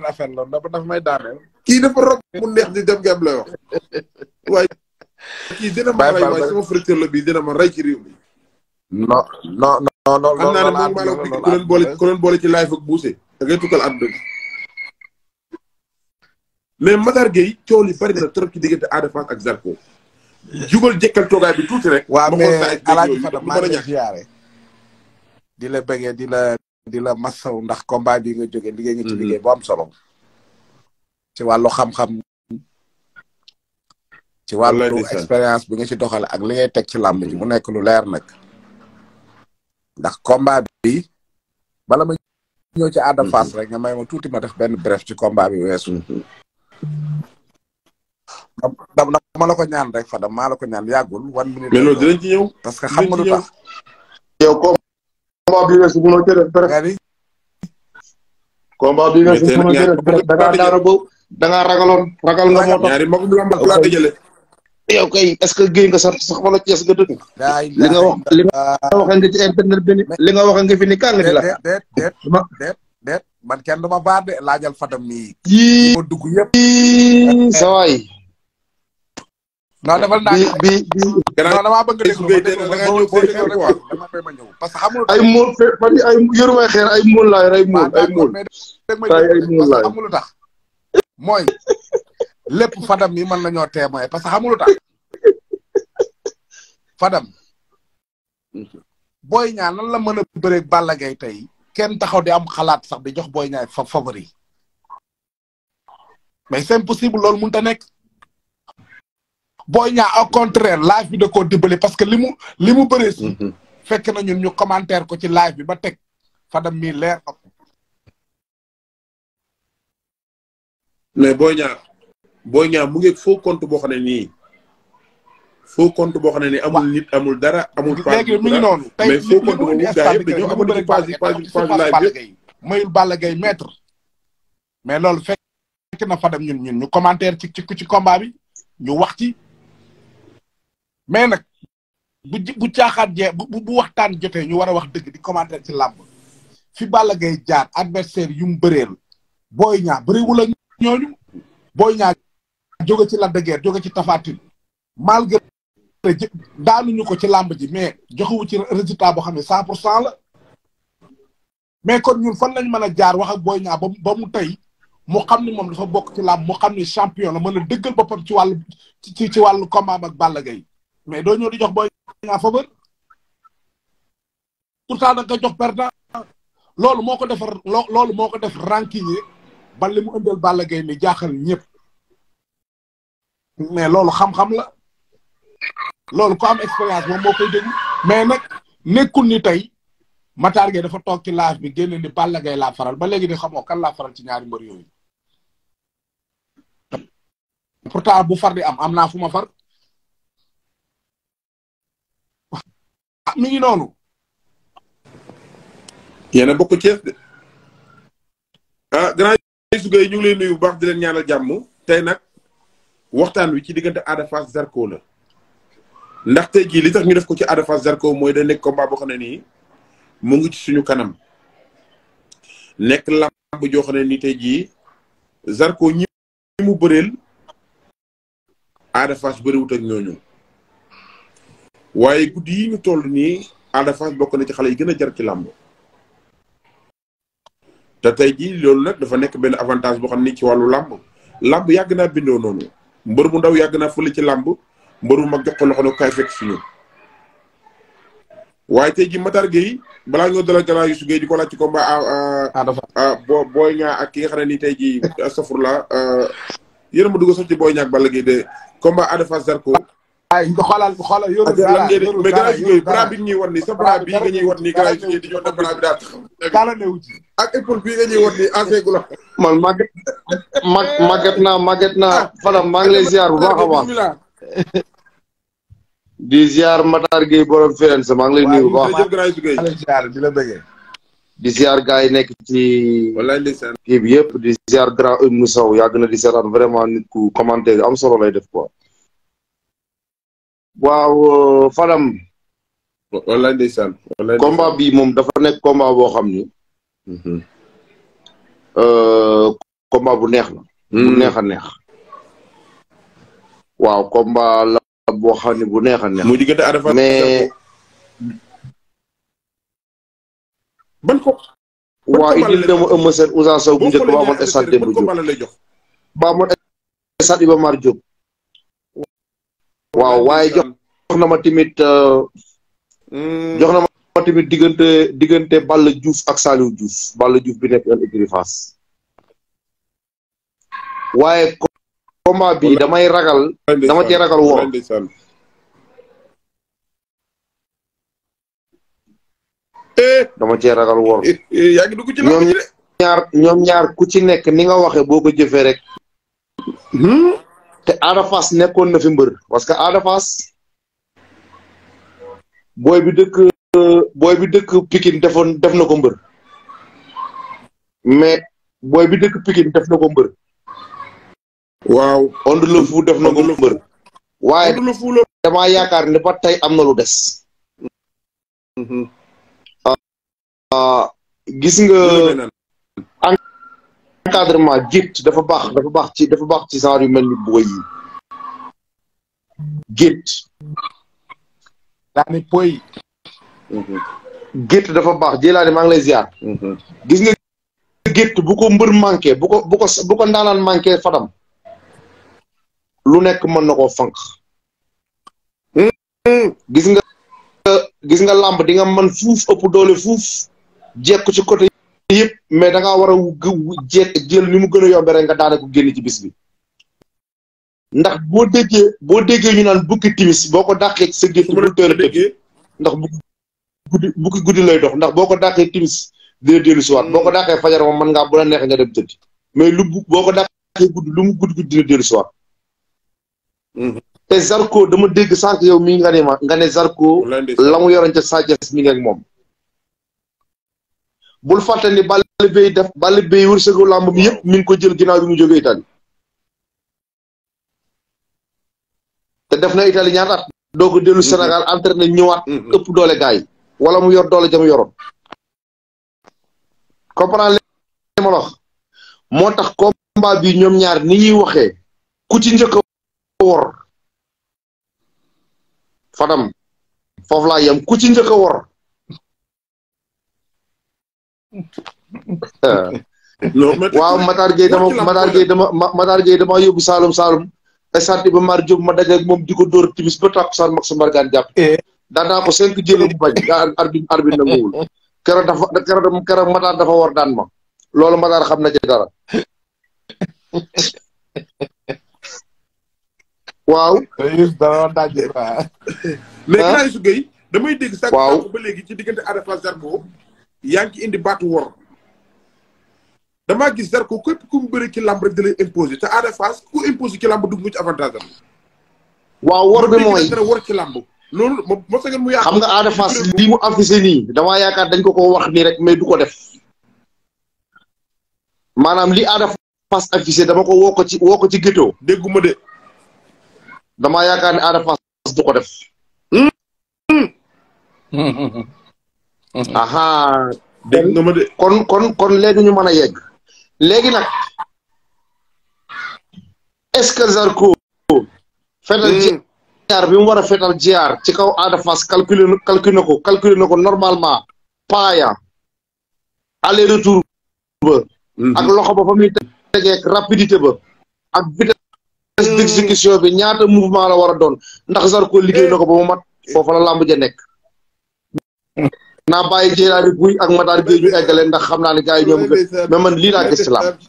beneen affaire la ndax dafa may daaneel. kii dafa rob mu neex di dem ngeen lay waaye kii dina ma rey ci réew mi. non non non non. xam boole ci live ak buuse. da ngay tukkal àdduna bi. mais Matar Gueye coow li bari na trop ci diggante Ada Fass ak Zarko. jugal jëkkal toogaay bi tuuti rek. waaw mais Alaaji di la bëggee di la. di la masaw ndax combat bi nga joge liggéey nga ci mhm. liggéey bo am solo ci walu xam-xam ci walu experience bi nga ci doxal ak li ngay tek ci lamb ji mu mhm. nek lu leer nak ndax combat bi bala ma ñëw ci Ada mhm. Fass rek nga may ma tuuti ma def ben bref ci combat bi weesu dama dama la ko ñaan rek fa ma la ko ñaan yagul wan minute mais loolu dinañ ci ñew parce que xam nga lu tax yow ko combat bi weesu bu ma jëlee bref. combat bi weesu bu ma jëlee bref da ragal nga moo ce que géej nga sant sax wala Cees nga dëkk. li nga wax li nga waxee nga ci internet bi li nga la. déet déet déet déet man kenn du ma baat dugg yëpp. sa non defal naa bi bi non damaa bëgg déglu ma déglu ma ñëw dama koy ma ñëw parce que xamul ay mool fan ay mool laay ay mool tax mooy lépp fadam yi mën nañoo témoin parce que xamul tax fadam booy ñaa nan la mën a bëreeg Balla tey kenn taxaw di am xalaat sax di jox booy ñaay favori mais c'est impossible loolu mënut a nekk Boy Niang au contraire live bi da koo dimbali parce que limu mu li mu bëree si. Mhm. fekk na ñu commentaire ko ci live bi ba teg Fadam mii leer na ko. mais mu ngi faux compte boo xam ne nii. faux compte boo xam ne nii amul nit amul dara amul. page bi mu ngi noonu mais faux compte boobu gars yëpp dañoo amoon ci page mayul Balla Gaye mais loolu fekk na Fadam ñun ñun ñu commentaire ci ci ci combat ñu wax ci. mais nag bu bu caaxaan jee bu bu waxtaan jotee ñu war a wax dëgg di commenter ci làmb fi Balla Gaye jaar adversaire yu mu bëreel Boy Niang bëriwul ak ñooñu Boy Niang ci Lac de jóge ci Tapha Tine malgré daanuñu ko ci làmb ji mais joxewu ci résultat boo xam ne cent pour cent la mais kon ñun fon lañ mën a jaar wax ak Boy Niang ba mu tey mu xam ni moom dafa bokk ci làmb mu xam ni champion la mën a dëggal boppam ci wàllu ci ci wàllu combat ak Balla Gaye mais doo ñëw di jox booy ñaa faveur pourtant da nga jox perdant loolu moo ko defar loolu moo ko def rancunier ba li mu ëndal Balla Gaye ni jaaxal ñëpp mais loolu xam-xam la loolu ko am expérience moom moo koy déglu mais nag nekkul ni tey Matar Gueye dafa toog ci laaj bi génne ni Balla Gaye laa faral ba léegi di xamoo kan laa faral ci ñaari mbër yooyu pourtant bu far di am am naa fu ma far mi ngi noonu. yéen a bokk Thiès de. ah grand Youssou Gueye ñu ngi lay nuyu baax di leen ñaanal jàmm tey nag waxtaan wi ci diggante Ada Fass Zarko la. ndax te jii li tax ñu def ko ci Ada Fass Zarko mooy da nekk combat boo xam ne nii mu ngi ci suñu kanam nekk làmb joo xam ne nii tey jii Zarko ñi mu bëreel Ada Fass bëriwut ak ñooñu. waaye guddi yi ñu toll nii Ada bokk na ci xale yi gën a jar ci làmb te tey jii loolu nag dafa nekk benn avantage boo xam ni ci wàllu làmb làmb yàgg naa bindoo noonu mbër mu ndaw yàgg naa fële ci làmb mbër mu mag jox ko loxo ne kaay fekk suñu waaye tey jii Matar Gueye balaa ñoo dalal gannaaw Youssou Gueye di ko laaj ci combat ah boo booy ñaa ki nga xam ne nii tey jii ah, la ah, yéen ma dugg sax ci booy ñaa ay xoolal xoolal yoru dara yoru dara mais bras bi ñuy wan nii sa bras bii nga ñuy wan nii gars yi di jox na bras bi daal dara newu ci ak épaule bii nga ñuy wan nii enseigul man màgget mag màgget naa màgget naa ah, fala maa ngi lay ziar bu baax a baax di ziar Matar Gueye borom Firenze maa ngi lay nuyu bu baax di la bëggee di ziar gars yi nekk ci kii bi yëpp di ziar grand Ibnou Sow yàgg na di seetaan vraiment nit ku commenté am solo lay def quoi waaw euh, Fadam. wallaay ndeysaan. wallaay bi moom dafa nekk combat boo xam ni. Mhm. Euh, combat bu neex la. bu mhm. neex a neex. waaw komba la boo xam ne bu neex a neex. muy diggante Arafat mais. ban ko. waaw indil na ma Eumeu Sène Ousa Sow bu njëkk ba amoon stade Demba ba Mar Diop. waaw nah, waaye gitu. jox na ma tamit uh, hmm. jox na ma tamit diggante diggante Balla Diouf ak Saliou Diouf Balla Diouf bi nekk en écurie Fass waaye combat bi damay ragal eh! dama cee ragal wor dama cee ragal wor ci ñoom ñaar ñoom ñaar ku ci nekk ni nga waxe boo ko jëfee rek hmm? te Ada Fass nekkoon na fi mbër parce que Ada Fass booy bi dëkk booy bi dëkk Pikine defoon def na ko mbër mais booy bi dëkk Pikine def na ko mbër. waaw Onde le def na ko mbër. waaye damaa yaakaar ne ba tey am na lu des. Mhm. Ah, gis nga. kadar ma gift dafa baax dafa baax ci dafa baax ci genre yu mel ni boy yi gift daani poy mhm. gift dafa baax jëlaani maa ngi lay ziar mhm. gis nga gift bu ko mbër manqué bu ko bu ko bu ko ndaanaan manqué fadam lu nekk mën na mhm. gis nga gis nga di nga ëpp doole jekku ci côté yëpp mais danga ngaa war a jékk jël ni mu gën a yombe rek nga daane ko génn ci bis bi ndax boo déggee boo déggee ñu naan bukki timis boo ko dàqee sa gétt bu tër tëdd ndax bukki guddi guddi lay dox ndax boo ko dàqee timis dina dellu si waat boo ko dàqee fajar moom mën ngaa bu la neexee nga dem tëddi mais lu boo ko dàqee guddi lu mu guddi guddi dina dellu si waat mm-hmm. te Zarko dama dégg sànq yow mi nga ne ma nga ne Zarko la mu yoroon ca Sa Thiès mi ngi ak moom bul fatani ni Balla def balle Beye wursugo làmb mi yëpp mi ko jël ginaaw bi mu joge itali te def na itali ñaar at doo delu senegal entraîner mm-hmm. entraîné mm-hmm. ëpp doole gaay wala mu yor doole jam yoroon comprendre mo ma wax motax combat bi ñom ñaar ni ñuy waxe ku ci ñëk wor fadam foofu la yam ku ci ñëk wor Ah. waaw Matar Gueye dama Matar Gueye dama Matar Gueye dama yóbbu Saalum ba Mar Diop ma daje ak moom di ko dóor timis ba tàkku saan Max Mbargane jàpp. Eh. daan naa ko cinq jëlu bañ daa arbitre Matar dafa war daan ma. loolu Matar xam na ci dara. waaw. Ah. mais Clarisse dégg sax ci diggante yaa ngi indi baatu wor damaa gis ko képp ku mu bëri ci làmb rek da lay imposer te Ada Fass ku imposer ci làmb dugg nga ci avantage am. waaw wor bi mooy dara ci làmb. loolu a mu yaakaar xam nga Ada Fass lii mu affiché nii damaa yaakaar dañ ko ko wax nii rek mais du ko def maanaam li Ada Fass affiché dama ko woo ci woo ko ci ghetto. dégguma de. damaa yaakaar ne Ada Fass du ko def. Hmm? aha dégg nga kon kon kon léegi ñu mën a yegg léegi nag est-ce que Zarko fetal hmm. jiyaar bi mu war a fetal jiyaar ci kaw Ada Fass calculer calculer na ko calculer na ko normalement paaya aller retour ba hmm. ak loxo ba fa muy tegeek rapidité ba ak vitesse hmm. d'exécution bi ñaata mouvement la war a doon ndax Zarko liggéey na ko ba mu mat foofu la làmb nekk naa bàyyi Dieylaani Gouye ak Matar Gueye ñu eggale ndax xam naa ne gars yi ñoom mais man lii a gis si làmb.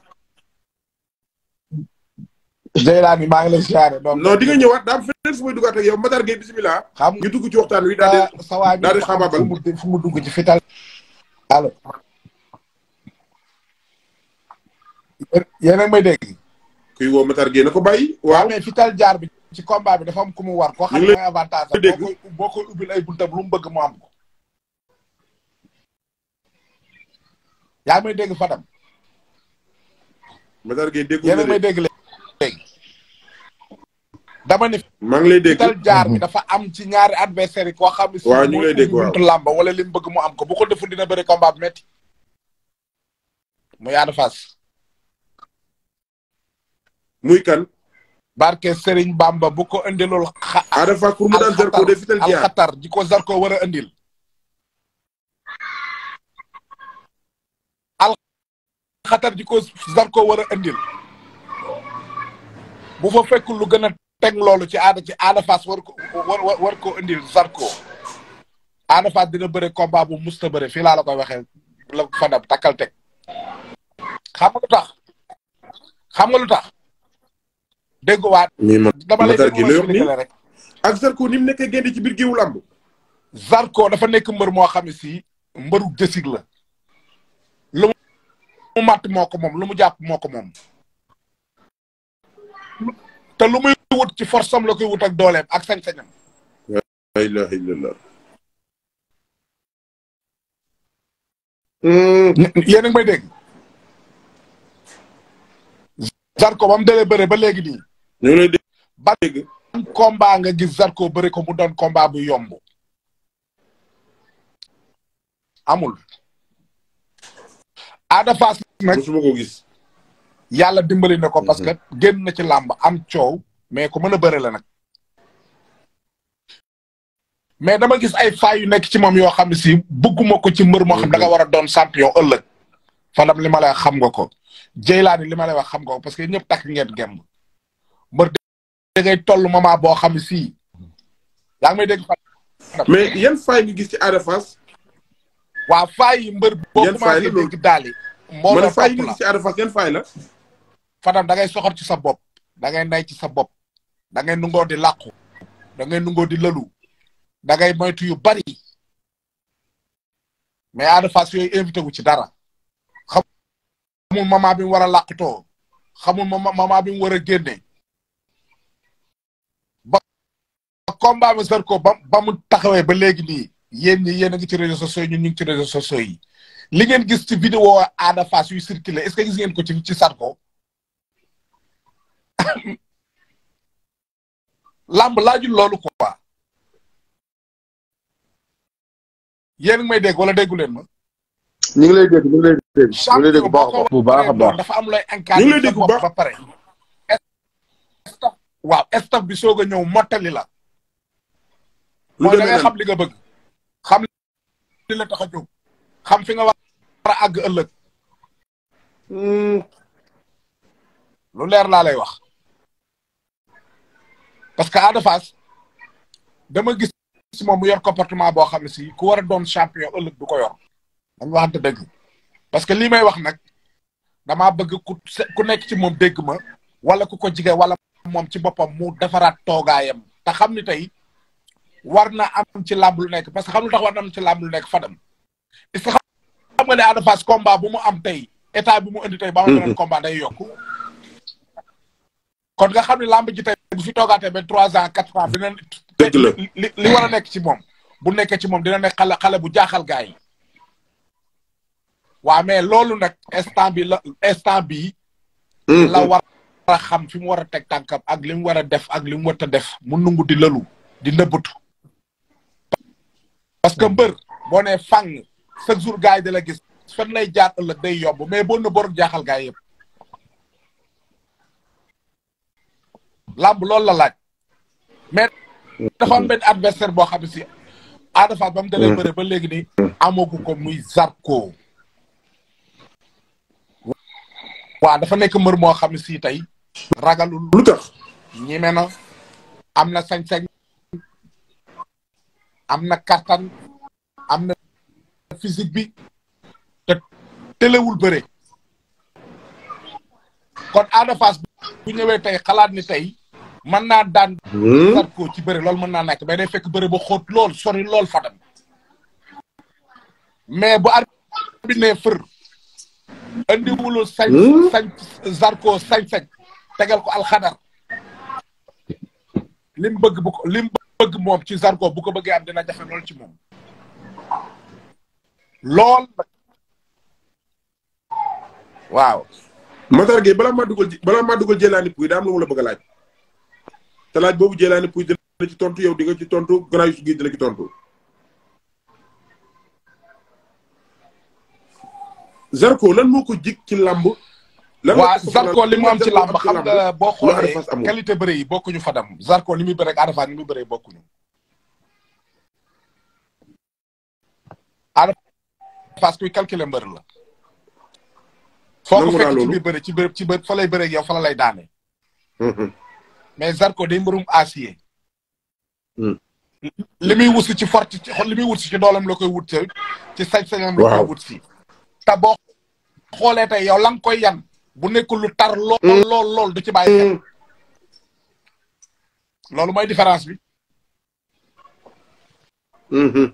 Dieylaani maa ngi lay siyaare. non di nga ñëwaat daal feneen yow Matar Gueye bisimilah. xam nga dugg ci waxtaan wi daal di daal di xaabaabal fu mu dugg ci fital allo. yéen a ngi may dégg. kuy woo Matar na ko bàyyi. waaw mais fital jaar bi ci combat bi dafa am ku mu war. ko xam ne avantage am boo koy ubbil ay buntam lu mu bëgg mu am ko. yaa ngi may dégg Fadam. Matar Gueye déggul yéen a may dégg léegi. dama ni. maa ngi lay dégg jaar mi dafa am ci ñaari adversaire yi koo xam ne. waaw ñu ngi lay dégg làmb wala li mu bëgg mu am ko bu ko deful dina bëri combat bu métti. mu Ada Fass. muy kan. barke Serigne Bamba bu ko indilool. xa Ada Fass mu daan Zarko de fital jaar alxatar ji ko Zarko war a indil. xatar ji ko Zarko war a indil bu fa fekkul lu gën a teg loolu ci aada ci aada war ko war koo indil Zarko aada Fass dina bëre combat bu musta bëre fii laa la koy waxee la fadam takkal teg xam nga lu tax xam nga lu tax dégg waat dama lay rek ak Zarko ni mu nekkee génne ci biir géewu Zarko dafa nekk mbër moo xam ne si mbëru dësig mu màtt moo moom lu mu jàpp moo ko moom te lu muy wut ci force am la koy wut ak dooleem ak sañ-sañam la ilaha illallah hmm. yéen ba mu dalee bëre ba léegi nii ba ban combat nga gis Zarko bëri ko mu doon combat bu yomb amul Ada musuma ko gis. yàlla dimbali ne ko parce que mhm. génn na ci làmb am coow mais ko mën a bëre la nag. mais dama gis ay faay yu nekk ci moom yoo xam ne si bëgguma ko ci mbër moo xam da nga mhm. war a doon champion ëllëg. Fadam li ma lay xam nga ko Jeylaani li ma lay wax xam nga parce que ñëpp takk ngeen gemb mbër da ngay toll boo xam ne sii yaa ngi may dégg. mais yan faay gis ci Ada Fass. waa faay yi mbër. yan boo commencé dégg daal mbooloo topp la man ci Ada Fass yan faay da ngay soxor ci sa bopp da ngay nay ci sa bopp da ngay nungoo di làqu da ngay nungoo di lalu da ngay moytu yu bari mais Ada Fass yooyu wu ci dara xamul moment bi mu war a làqutoo xamul moment bi mu war a génne ba combat bi Zarko ba ba mu taxawee ba léegi nii yéen ñi yéen a ngi ci réseaux sociaux yi ñun ñu ngi ci réseaux sociaux yi li ngeen gis ci vidéo Ada Fass yu circulé est-ce que gis ngeen ko ci ci Sarko làmb laajul loolu quoi yéen ngi may dégg wala déggu leen ma. ñu ngi lay dégg ñu ngi lay dégg. ñu lay dégg bu baax a baax dafa am looy encadré ba pare. waaw staf bi soog a ñëw mottali la. lu mooy xam li nga bëgg xam lila la tax a jóg. xam fi nga wara ag àgg ëllëg. Hmm. lu leer la lay wax. parce que Ada fas, dama gis ci mom yor comportement bo xamni ci ku wara doon champion ëllëg du ko yor. dañ de deug parce que li may wax nak dama bëgg ku ku nekk ci mom deug ma wala ku ko jige wala mom ci bopam mu defaraat toogaayam ta xamni tay warna am ci lamb lu nekk parce que xamul tax warna am ci lamb lu nekk fadam est-ce que xam nga ne Ada Fass combat bu mu am tey état bi mu indi tey ba am beneen mhm. nga xam ne làmb ji tey bu fi toogaatee ba trois ans quatre la nekk ci moom bu nekkee ci moom dina nekk xale xale bu jaaxal gaa yi waa mais loolu nag instant bi la instant bi mhm. la war xam fi mu war a teg tànkam ak li mu war a def ak li mu war a def mu nungu di lëlu di nëbbatu parce que mbër boo fang chaque jour gars yi da la gis fan lay jaar ëllëg day yomb mais boo na bor jaaxal gars yëpp. làmb loolu la laaj. mais dafa am adversaire boo xam si. Ada ba mu dalee bëre ba léegi nii. amagu ko muy Zarko. waaw dafa nekk mbër moo xam si tey. ragalul lu tax. na am na sañ-sañ am na kattan. physique bi te tëlewul bëre kon Ada bu ñëwee tey xalaat ni tey mën naa daan hmm? Zarko ci bëre lool mën naa nekk mais day fekk bëre ba xóot lool sori lool Fadam mais bu arbitre bi ne fër sañ hmm? sañ sañ-sañ tegal ko alxadar lim bëgg bu ko lim bëgg moom ci Zarko bu ko bëggee am dina jafe lool ci moom lool. waaw. Matar Gueye balaa maa dugal dugal Jëlaani Pouy daa am la bëgg a laaj. te laaj boobu Jëlaani Pouy dina ci tontu yow di ci tontu Grand Youssouf Guèye dina ci tontu. Zarko lan moo ko ci lamb lan waa Zarko li mu am ci làmb xam nga boo xoolee qualité bëre yi bokkuñu Fadam Zarko li muy bëre ak Ada Fass ni parce que kuy calculer mbër la. foo ko fekk ci biir bëri ci bërëb ci bër fa lay bëree yow fa la lay daane. Mm-hmm. mais Zarko day mbërum acier. Mm. li muy wut ci forti ci li muy wut ci doolam la koy wut ci sañ-sañam. waaw la koy wut si. te boo xoolee tey yow la nga koy yan bu nekkul lu tar lool mm. lool du ci bàyyi xel. Mm. loolu mooy différence bi. Mm-hmm.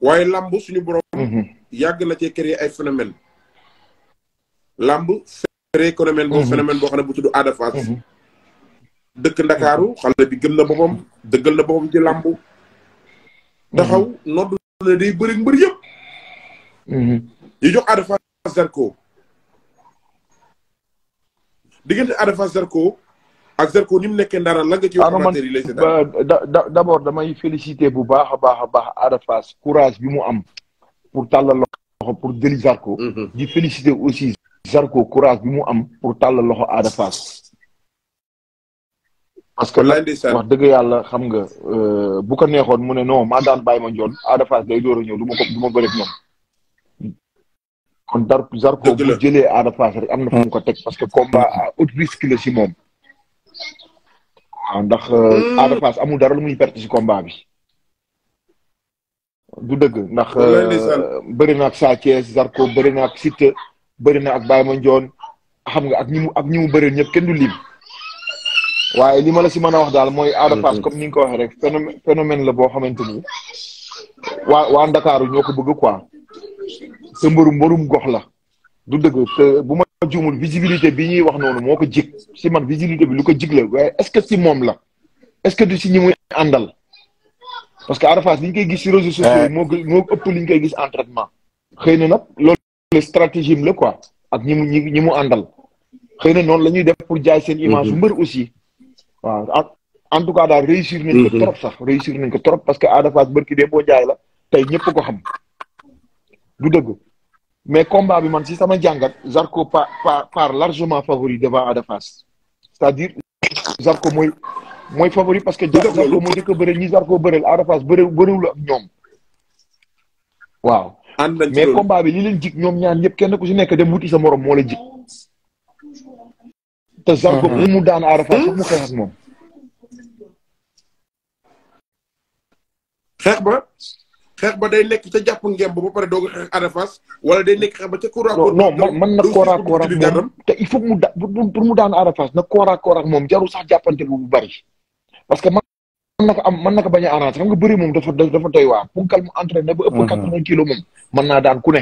waaye lamb suñu borom. Mhm. yàgg na cee créer ay phénomène lamb créer phénomène boo phénomène boo xam ne bu tudd Ada Fass mhm. dëkk ndakaaru xale bi gëm na boppam dëggal na boppam ci làmb mhm. taxaw nodd ne day bëri mbër yëpp ñu jox Ada Fass Zarko diggante Ada Fass ak Zarko ni mu nekkee ndara la nga ci ah, amateur D'abord, lay d' abord damay félicité bu baax a baax a courage bi am pour tàllal pour jëli Zarko mm-hmm. di félicité aussi Zarko courage bi am pour tàllal loxo Ada Fass parce que wax deug yalla xam nga euh bu ko neexoon mu ne non ma daan bàyyi ma njoon Ada day door ñew duma du ma ko du ma bëreeg ñoom kon dar Zarko bu jëlee Ada rek amna fu ko tek parce que combat à haut risque le ci mom waaw ndax. Hmm. Ada Fass amul dara lu muy perte ci combat bi. du dëgg ndax. Eh, bëri na ak Sa Zarko bëri na ak Siteu bëri na ak Baye Mandione xam nga ak ñi mu ak ñi mu bëri ñëpp kenn du lim. waaye li ma la si mën a Ada comme hmm. ni nga ko waxee rek phénomène la boo xamante ni waa waa ñoo ko ma juumul visibilité bi ñuy wax noonu moo ko jig si man visibilité bi lu ko jig la waaye est-ce que si moom la est-ce que du si ñi muy àndal parce que Ada Fass li ñu koy gis si réseaux sociaux yi moo moo ëpp li ñu koy gis entraitement xëy na nag loolu stratégie la quoi ak ñi mu ñi mu àndal xëy na noonu la ñuy def pour jaay seen image mhm. mbër aussi waaw en tout cas daal réussir nañ ko mhm. trop sax réussir nañ ko trop parce que Ada Fass bërki dee boo jaay la tey ñëpp ko xam du dëgg mais combat bi man si sama jàngat Zarko par par largement favori devant Ada Fass c'est-à-dire Zarko mooy mooy favori parce que Zarko mooy dëkk bëreel ñi Zarko bëreel Ada Fass bëreel bëreewul ak ñoom waaw mais combat bi li leen jik ñoom ñaan ñëpp kenn ku si nekk dem wuti sa morom moo la jik te Zarko bu mu daan Ada Fass foog mu xeex moom xeex ba day nekk ca jàpp ngemb ba pare doog xeex Ada Fass wala day nekk xeex ba ca. kóor non man na kóor ak kóor ak moom te il faut mu da daan Ada na kóor moom jarul sax jàppante bu bari parce que man na ko am mën na ko bañ a nga bëri moom dafa dafa doy waar pour kal mu entraîné ba ëpp mhm. quatre vingt kilos daan ku ne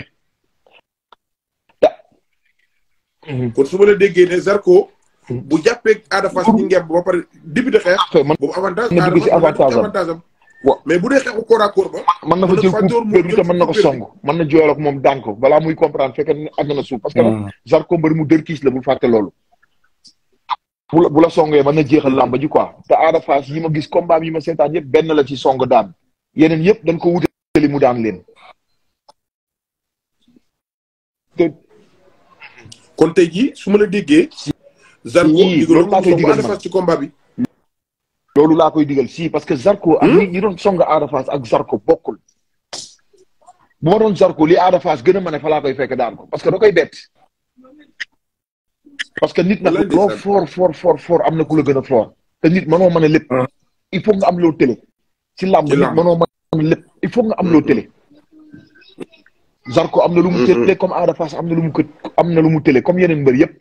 mhm. kon su ma déggee ne mhm. bu jàppee Ada Fass ci ngemb ba pare début de xeex ah, boobu avantage avantage am waaw mais bu dee xeexu corps à corps ba. mën na fa jël coup bi te na ko song mën na jooyal moom daan ko balaa muy comprendre fekk na na suuf. parce que hmm. nag Zarko mbër mu dërkiis la bul fàtte loolu. bu la bu la songee mën na jeexal làmb ji quoi te Ada Fass yi ma gis combat yi ma seetaan yëpp benn la ci song daan yeneen yëpp dañ ko wutali mu daan leen. kon tey jii su ma la déggee. Zarko loolu laa koy digal ci combat bi. loolu laa koy digal si parce que Zarko. ak hmm? ñi doon song Ada Fass ak Zarko bokkul. bu ma li Ada Fass gën a mën a fa fekk daan ko parce que da koy bett. parce nit nag loo fort am na ku gën a nit mënoo mën a ah. il faut nga am loo télé. ci làmb nit mënoo a lépp il nga am loo télé. Zarko na lu mu télé comme Ada am na lu mu mm-hmm. am na lu mu télé comme yeneen mbër yëpp.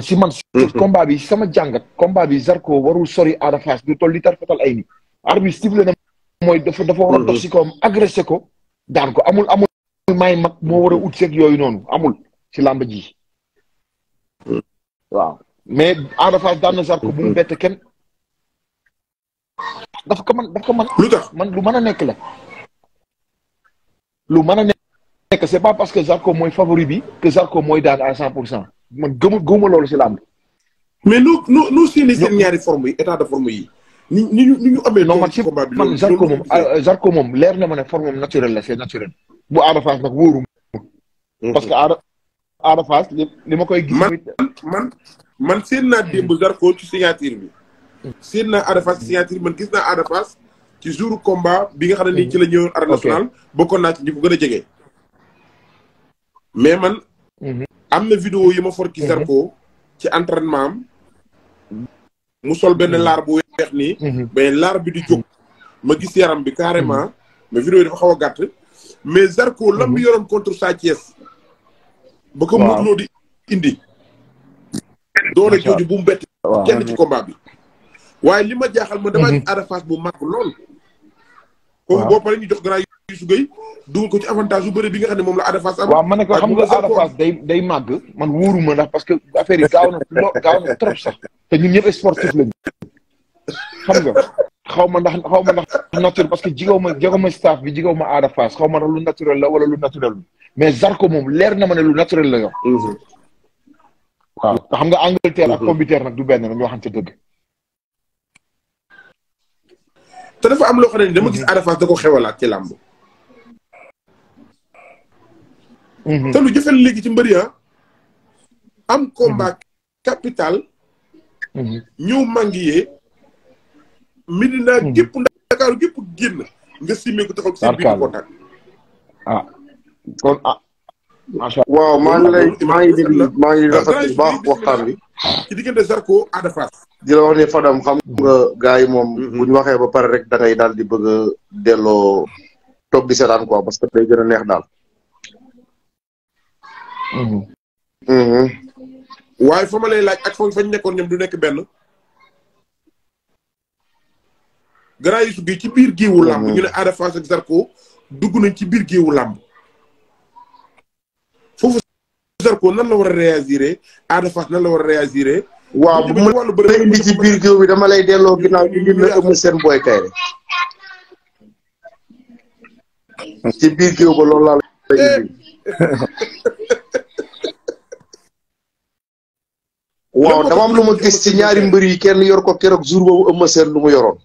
si man. Mm-hmm. combat bi sama jàngat. combat bi Zarko warul sori Ada Fass du toll li tar fatal ay ni arbitre sifle na mooy dafa dafa war a dox mm-hmm. si ko daan ko amul amul may mag moo war a ut yooyu noonu amul si làmb ji. Mm-hmm. waaw mais Ada Fass daan na Zarko bu mu bett kenn. dafa ko man dafa ko man lu tax man lu mën a nekk la. lu man a nekk c'est pas parce que Zarko mooy favori bi que Zarko mooy daan à cent pour cent. man gëmu gëmuma loolu si làmb. mais nu nu nu seen ñaari forme yi état de forme yi. ni ni ñu ni ñu amee. non man si man Zarko moom ah, Zarko moom leer na ma ne forme am naturelle la c'est naturel. bu Ada Fass nag wóoru mhm. parce que Ada Ada Fass li li ma koy. gis man man man seen naa démb Zarko ci signature bi. seen naa Ada Fass signature bi man gis naa Ada Fass ci jour combat bi nga xam ne nii ci la ñëwoon. arène nationale naa ci ñi ko gën a jege. am na video yi ma for ci mhm. Zarko ci entraînement am mu sol benn mhm. laar bu weex ni mhm. mais laar bi di jóg ma gis yaram bi carrément mais vidéo yi dafa xaw a gàtt mais Zarko lam bi yoroon contre Sa Thiès ba ko Modou Lô di indi doole jooju bu mu bett kenn ci combat bi waaye li ma jaaxal ma dama gis Ada bu mag lool kooku paree ñu jox grand Youssou Gueye ci avantage bu bëri bi nga xam ne moom la Ada Fass waaw man nag xam nga Ada day day man wóoruma ndax parce que affaire yi gaaw na na trop sax te ñun ñëpp sportif lañu xam nga xaw ma ndax xaw ma ndax nature parce que jigaw ma jigaw ma staff bi jigaw ma Ada Fass xaw ma ndax lu naturel la wala lu naturel mais Zarko moom leer na ma ne lu naturel la yor. Mhm. waaw te xam nga Angleterre ak Combeterre mhm. nag du benn nag ñu waxante dëgg. te dafa am loo xam ne dama gis mhm. Ada Fass da ko xewalaat Mhm. te lu jëfee léegi ci mbëri ya, am combat mhm. capital. Mhm. ñëw mangiyee. Medina gépp Ndakaaru gépp génn nga simmee ko taxaw ci seen biir contact. ah kon ah. macha allah waaw maa ngi lay maa ngi déglu maa ngi ah, rafetlu bu baax waxtaan bi. ci diggante Zarko Ada Fass. di la wax ne Fadam xam nga gars yi moom. bu ñu waxee ba pare rek da ngay daal di bëgg a delloo toog di seetaan quoi parce que day gën a neex daal. mhm mhm woy fom ale ak fong fanyen kon nyem dun ek bello gara yisou bi tibir ge ou lam mm-hmm. yon adefans an zarko dugounen tibir ge ou lam fow fos an zarko nan lawre reyazire adefans nan lawre reyazire woy mwen lopon mwen lopon mwen lopon mwen lopon mwen lopon mwen lopon waaw dama am lu ma gis ci ñaari mbër yi kenn yor ko keroog jour boobu Eumeu Sène lu mu yoroon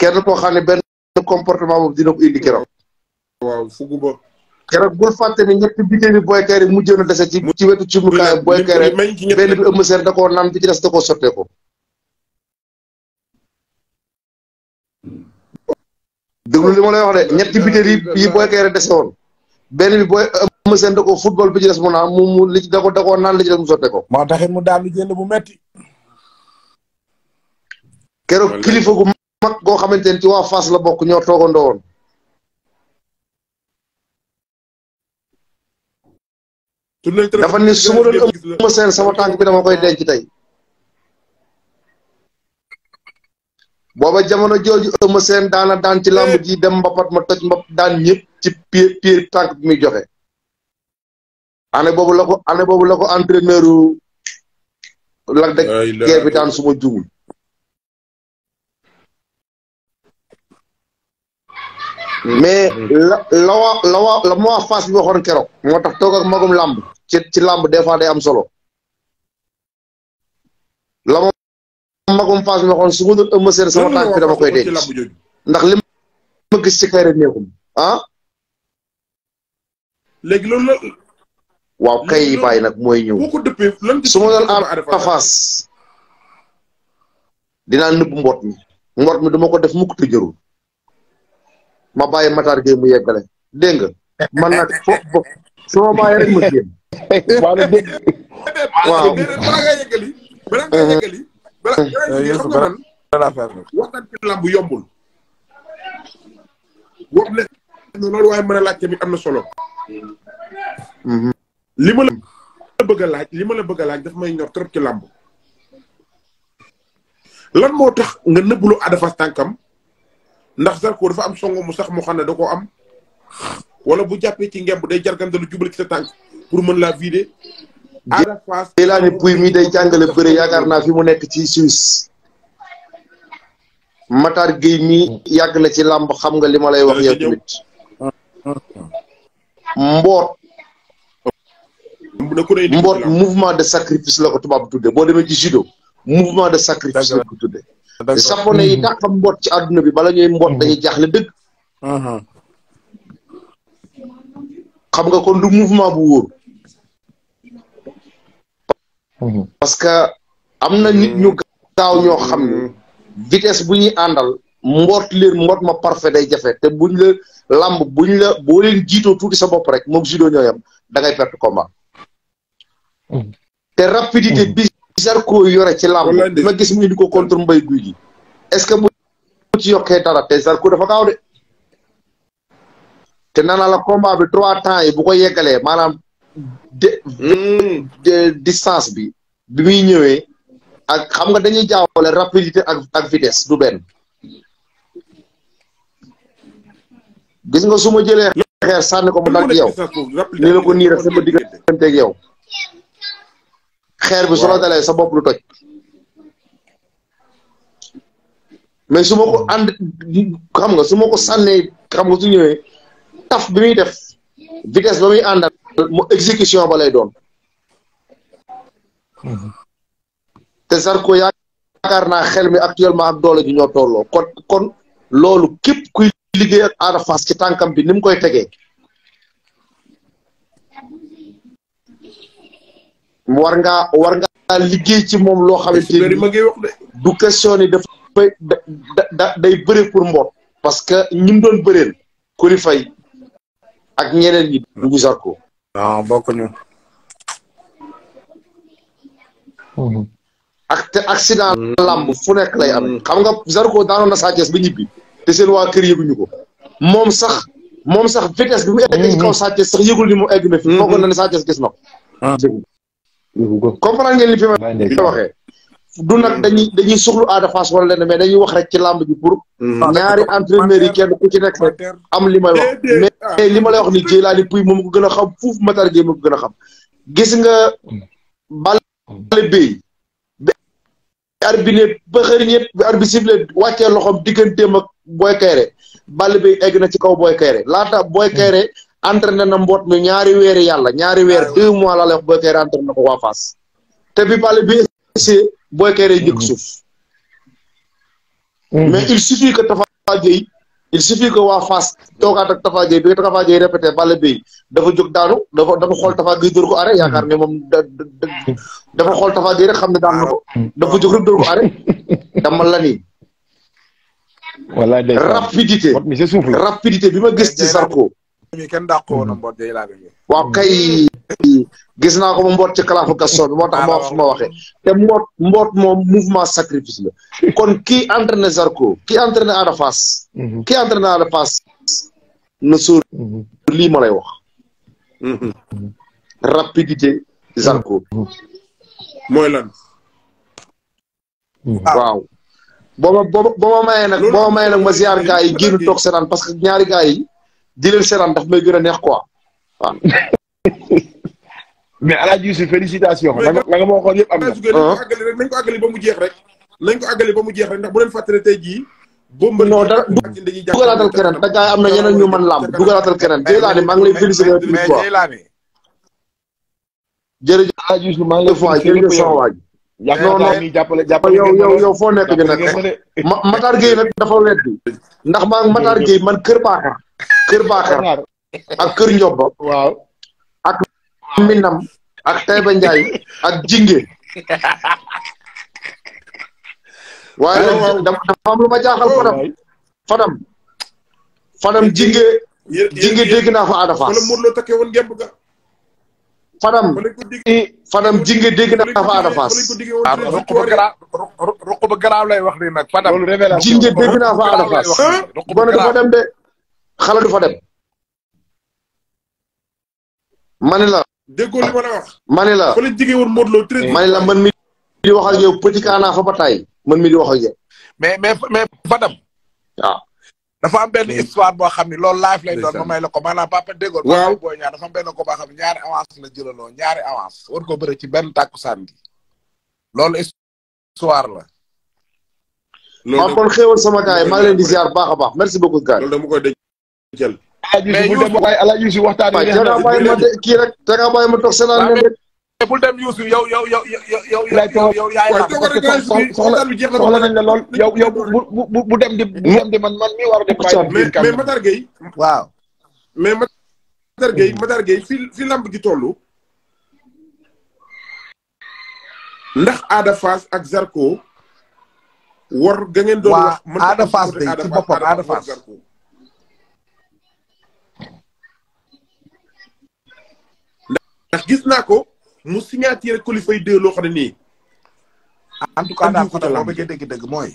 kenn koo xam ne benn comportement boobu dina ko indi keroog. waaw fugu ba. keroog bul fàtte ni ñetti bitéeli Boy Kayre dese ci ci wetu cumukaay Boy benn bi Eumeu Sène da koo bi ci des da koo sotteeku. déglu li ma wax de ñetti bitéel yi yi Boy benn bi booy. Eumeu Sène da football bi ci des mu naan mu mu li da ko da ko naan li mu sotte ko. moo taxit mu daal di jënd bu metti keroog kilifa gu mag goo xamante ne ci waa Fass la bokk ñoo toogandoo woon. dafa ni su doon Eumeu Sène sama tànk bi dama koy denc tey. booba jamono jooju Eumeu Sène daana daan ci làmb ji dem mbapat ma toj mbap daan ñëpp ci pied pied tànk bi muy joxe. Ane bobu la ko année boobu la ko entraîneur u Lac de Guiers bi lawa suma jumul mais lawa lawa la mo la bi waxoon keroog motax tok ak magum lamb, ci ci lamb des fois day am solo la magum Fass bi waxoon su ma doon ëmb sama tank dama koy denc ndax lim ma gis ci kay neexum ah léegi loolu waaw kay bàyyi nag mooy ñëw su suma dal ar face dina nëbb mbot mi mbot mi duma ko def mukk te jërul ma baye Matar ge mu yeggale deng nga man nak foofu bopp rek ma génn waaw waaw yeggali yeggali nga ci yombul solo mm-hmm. li ma la bëgg laaj li ma la bëgg a laaj daf may ñor trop ci làmb lan moo tax nga nëbbulu Ada Fass tànkam ndax Zarko dafa am songo mu sax moo xam ne da koo am wala bu jàppee ci ngemb day jargandalu jubal ci sa tànk pour mën laa vider. Ada Fass laa ne puy mi day jàngale bëre yaakaar naa fi mu nekk ci Suisse. Matar Gueye mi yàgg na ci làmb xam nga li ma lay wax yow mboot mboot mouvement de sacrifice la ko tubab tudde bo demé ci judo mouvement de sacrifice la ko tudde japonais yi hmm. dàq fa mboot ci aduna bi bala ñooy mbot dañuy hmm. jaaxle dëgg xam nga kon du mouvement bu wóor hmm. parce que amna nit ñu gaaw ño xam vitesse bu ñuy àndal mboot leen ma parfait day jafé te buñ la lamb buñ la bo leen jiitoo tuuti sa bop rek moom judo ñoyam da ngay perdre combat Mm. te rapidité mm. bi Zarko yore ci làmb ma gis ñu di ko contre mbay guy gi est-ce que bu ci yokkee dara te Zarko dafa gaaw de te nana la combat bi trois temps yi bu ko yeggalee maanaam mm. de distance bi bi muy ñëwee ak xam nga dañuy jaawale rapidité ak ak du benn gis nga su ma jëlee xeer sànni ko mu dal yow ni la ko nii rek sama digganteeg yow xeer bi su la dalee sa bopp du toj mais su ma ko ànd xam nga su ma ko sànnee xam nga su ñëwee taf bi muy def vitesse ba muy àndal mu exécution ba lay doon te Zarko yaakaar naa xel mi actuellement ak doole ji ñoo tolloo kon kon loolu képp kuy liggéey ak Ada Fass ci tànkam bi ni mu koy tegee war nga war nga liggéey ci moom loo xamante ni du question ni dafay day bëre pour mbot parce que ñi mu doon bëreel Coly fay ak ñeneen ñi du Zarko waaw ah, ñu ak te accident lamb fu nekk lay am xam nga ko daanoon na Sa Thiès ba ñibbi te seen waa kër yëguñu ko moom sax moom sax vitesse bi mu egg ci kaw Sa sax yëgul ni mu egg na fi mm-hmm. foogoon na ne Sa gis na ko ah. comprendre ngeen li fi ma waxee du nag dañuy dañuy soxlu aada faas wala me mais dañuy wax rek ci làmb ji pour mm-hmm. ñaari entraîneurs yi kenn ku ci nekk rek am li may wax ah. mais li ma lay wax ni Jëlaani Puy moom ko gën a xam fuuf Matar Gueye moom ko gën a xam gis nga Balla Bèye bi arbine bëxëri ñëpp bi arbi wàccee loxoom digganteem ak Boy Kayre Balla Bèye egg na ci kaw Boy Kayre laata Boy Kayre entraîné na mbot mi ñaari wër yalla ñaari wër 2 ah mois la lay bo Kairé entraîné na ko wa Fass té bi pale bi essayé Boy Kairé njëkk mm-hmm. suuf mm-hmm. mais il suffit que Tafa Gueye il suffit que wa Fass toka tak Tafa Gueye bi Tafa Gueye répété bale bi dafa jóg daanu dafa dafa xol Tafa Gueye dur ko aré yaakar ne mom dafa xol Tafa Gueye rek xam daan nako dafa jóg rek ko aré dama la nii rapidité rapidité bima gëss ci sarko mi kenn dàq ko mhm. a mboot Jeylaani mi waaw a gis naa ko mu mboot tax ma wax ma waxee te mboot mboot moom mouvement sacrifice la kon kii entraîné Zarko kii entraîné Ada Fass mhm. kii entraîné Ada Fass na sóor mhm. lii ma lay wax rapidité Zarko mooy lan ah. waaw boo ma ma mayee yi génn toog parce que ñaari yi di leen seetaan ndax may gëna a neex quoi mais ala Hadj félicitations la nga mo waxoon yëpp am na. nañ ko agali ba mu jeex rek. nañ ko agali ba mu jeex rek ndax bu leen fàttali tay ji bomba no da dugalatal keneen da gaa am na ñeneen ñu mën làmb dugalaatal keneen Jeylaani ma ngi lay féliciter mais mais jere jere ala Hadj ma ngi lay félicité jërëjëf sama waaj. no non jappale jappale yow yow yow foo nekk ñu ma Matar Gueye nak dafa weddi ndax ma Matar Gueye man keur Baakar kër Bakar ak kër Ndiobo. waaw ak Minam ak Taïba Ndiaye ak Jinge. waaye dafa am jaaxal Fadam Fadam Fadam Jinge. Jinge dégg naa fa Ada Fass. Fadam Fadam Jinge dégg naa fa Ada Fass. ah ruq lay wax nii fa Ada Fass. bon dafa dem de. xala du fa dem mani deggo mana? li mana wax mani fa la jige won modlo trade très man mi di wax ak yow petit kana fa ba man mi di wax ak yow mais mais mais Fadam waaw ah. dafa am ben histoire bo xamni lol loolu live lay doon may la ko papa deggo waaw booy ñaar dafa am ben ko ba xam ne ñaari avance la jëlaloo ñaari avance war ko bëre ci ben takku sandi lol histoire la ma kon xewal sama gaay ma maa leen di ziar baax baax merci beaucoup gars jël. bu bul dem Youssou yow yow yow yow yow yow yaay soxla nañ yow yow bu dem di dem hmm. di man man mii war di, dem. mais Matar Gueye. waaw mais Matar Gueye Matar Gueye fi fi lamb gi toll. ndax Ada Fass ak Zarko war ga ngeen doon wax. Ada Fass day ci boppam Ada Fass. ndax gis naa ko mu signature kulifa yi deux loo xam ne nii. en tout cas daal côté boo bëggee dëgg-dëgg mooy.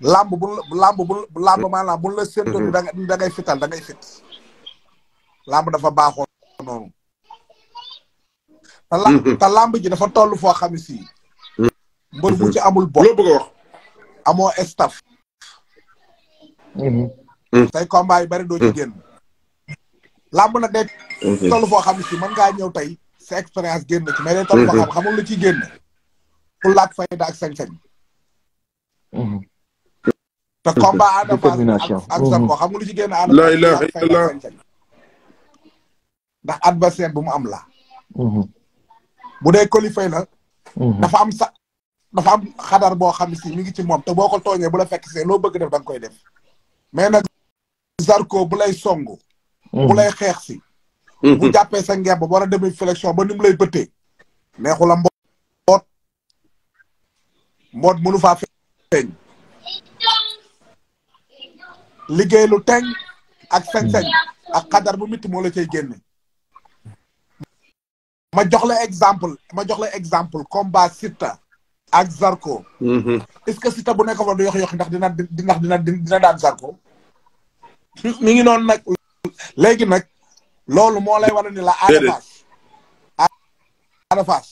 lamb bu lamb bu lamb maanaam bu la séntu mhm. da ngay da ngay fital da ngay fit. lamb dafa baaxoo noonu. te lamb mhm. ji dafa toll foo xam si. Mhm. mbër bu ci amul bopp loo bëgg a wax. amoo staff. say combat yu bari doo ci génn. làmb nag day toll foo xam ne si mën ngaa ñëw tey sa expérience génn ci mais day toll foo xam xamul lu ciy génn pour laaj fayda ak sañ-sañ mhm. te combat Ada Fass ak Zarko mhm. xamul lu ci génn Ada Fass ak bu mu am la mhm. bu dee qualifié la dafa am sa dafa am xadar boo xam ne si mi ngi ci moom te boo ko tooñee bu la fekk see loo bëgg def da nga koy def mais nag Zarko bu lay songu bu mhm. lay xeex si. Mhm. bu jàppee sa ngemb ba war a demee flexion ba ni mu lay bëttee. neexu la mboot. mboot mënu faa feeñ. liggéey lu teñ ak sañ-sañ mhm. ak xadar bu mitti moo la cay génne. ma jox la exemple ma jox la exemple combat Siteu ak Zarko. est-ce que Siteu bu nekk fa du yox yox ndax dina dina dina dina daan Zarko. mi ngi noonu nag. léegi nak lolou mo lay war ni la arafas arafas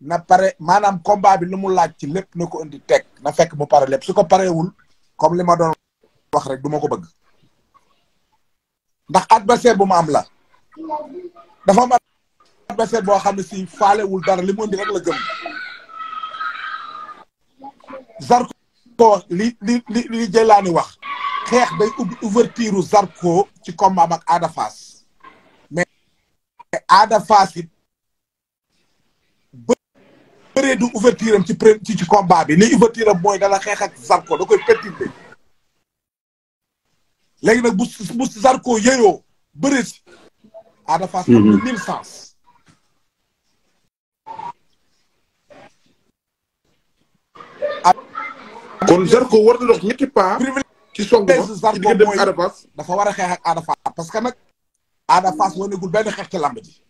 na pare manam combat bi lu laaj ci lepp nako ko indi teg na fekk mu pare lepp suko ko wul comme lima don wax rek duma ko bëgg ndax adversaire bu ma am la dafa ma adversaire bo xamni ne si wul dara limu indi rek la gëm Zarko li li li li wax xeex day ubbi ouverture ci combat am ak Ada Fass mais Ada Fass it bëree ci ci ci combat bi li ouverture am mooy dana xeex ak Zarko da koy perturber léegi nag bu bu Zarko yeyoo bëree si mhm. sens kon Zarko war na dox pas ci song ba dafa war a xeex ak Ada parce que nag Ada Fass wanegul benn xeex ci làmb ji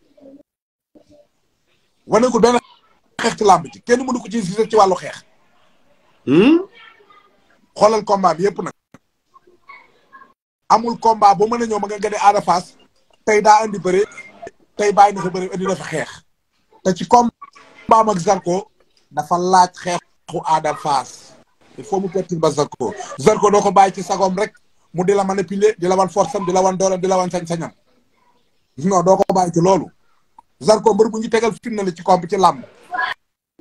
wanegul benn xeex ci làmb ji kenn mënu ko ci gisee ci wàllu xeex. Hmm? xoolal combat bi yëpp nag. amul combat boo mën a ñëw ma nga gën a Ada tey daa andi bëre tey bàyyi na fa bëre andi na fa xeex te ci combat am ak Zarko dafa laaj xeexu Ada Fass il faut mu perturber Zarko Zarko doo ko bay ci sagom rek mu dila manipuler dila wan force am dila la wan dooleem dila la wan sañ-sañam no doo ko bàyyi ci loolu Zarko mbër bu ñu tegal fitna la ci comp ci lamb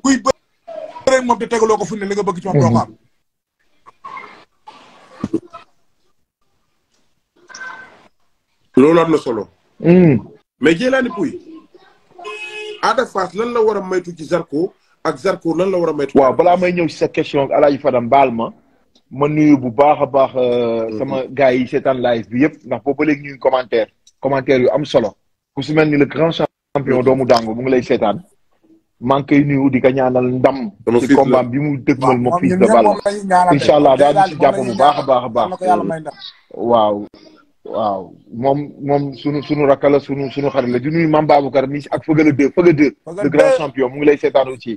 kuy beure mo te tegaloo loko fitna li nga bëgg ci moom am am na solo hmm. mais Dieylané puy Ada fas lan la wara maytu ci Zarko ak Zarko lan la war a mettre. waaw balaa may ñëw si sa question El Hadj Fadam baal ma. ma nuyu bu baax a baax. Euh, mm-hmm. sama gars yi seetaan live bi yëpp ndax boobu ba léegi ñuy commentaire commentaire yu am solo. ku si mel ni le grand champion doomu daango mu ngi lay seetaan. maa ngi koy nuyu di ko ñaanal ndam. ci combat bi mu dëgmal mo fils de Balla. incha allah daal di si jàpp bu baax a baax a baax. waaw. waaw moom moom suñu suñu rakka suñu suñu sunu xarit la di nuyu mam Babacar mi ak Fëgala 2 Fëgala 2. le grand champion mu ngi lay seetaan aussi.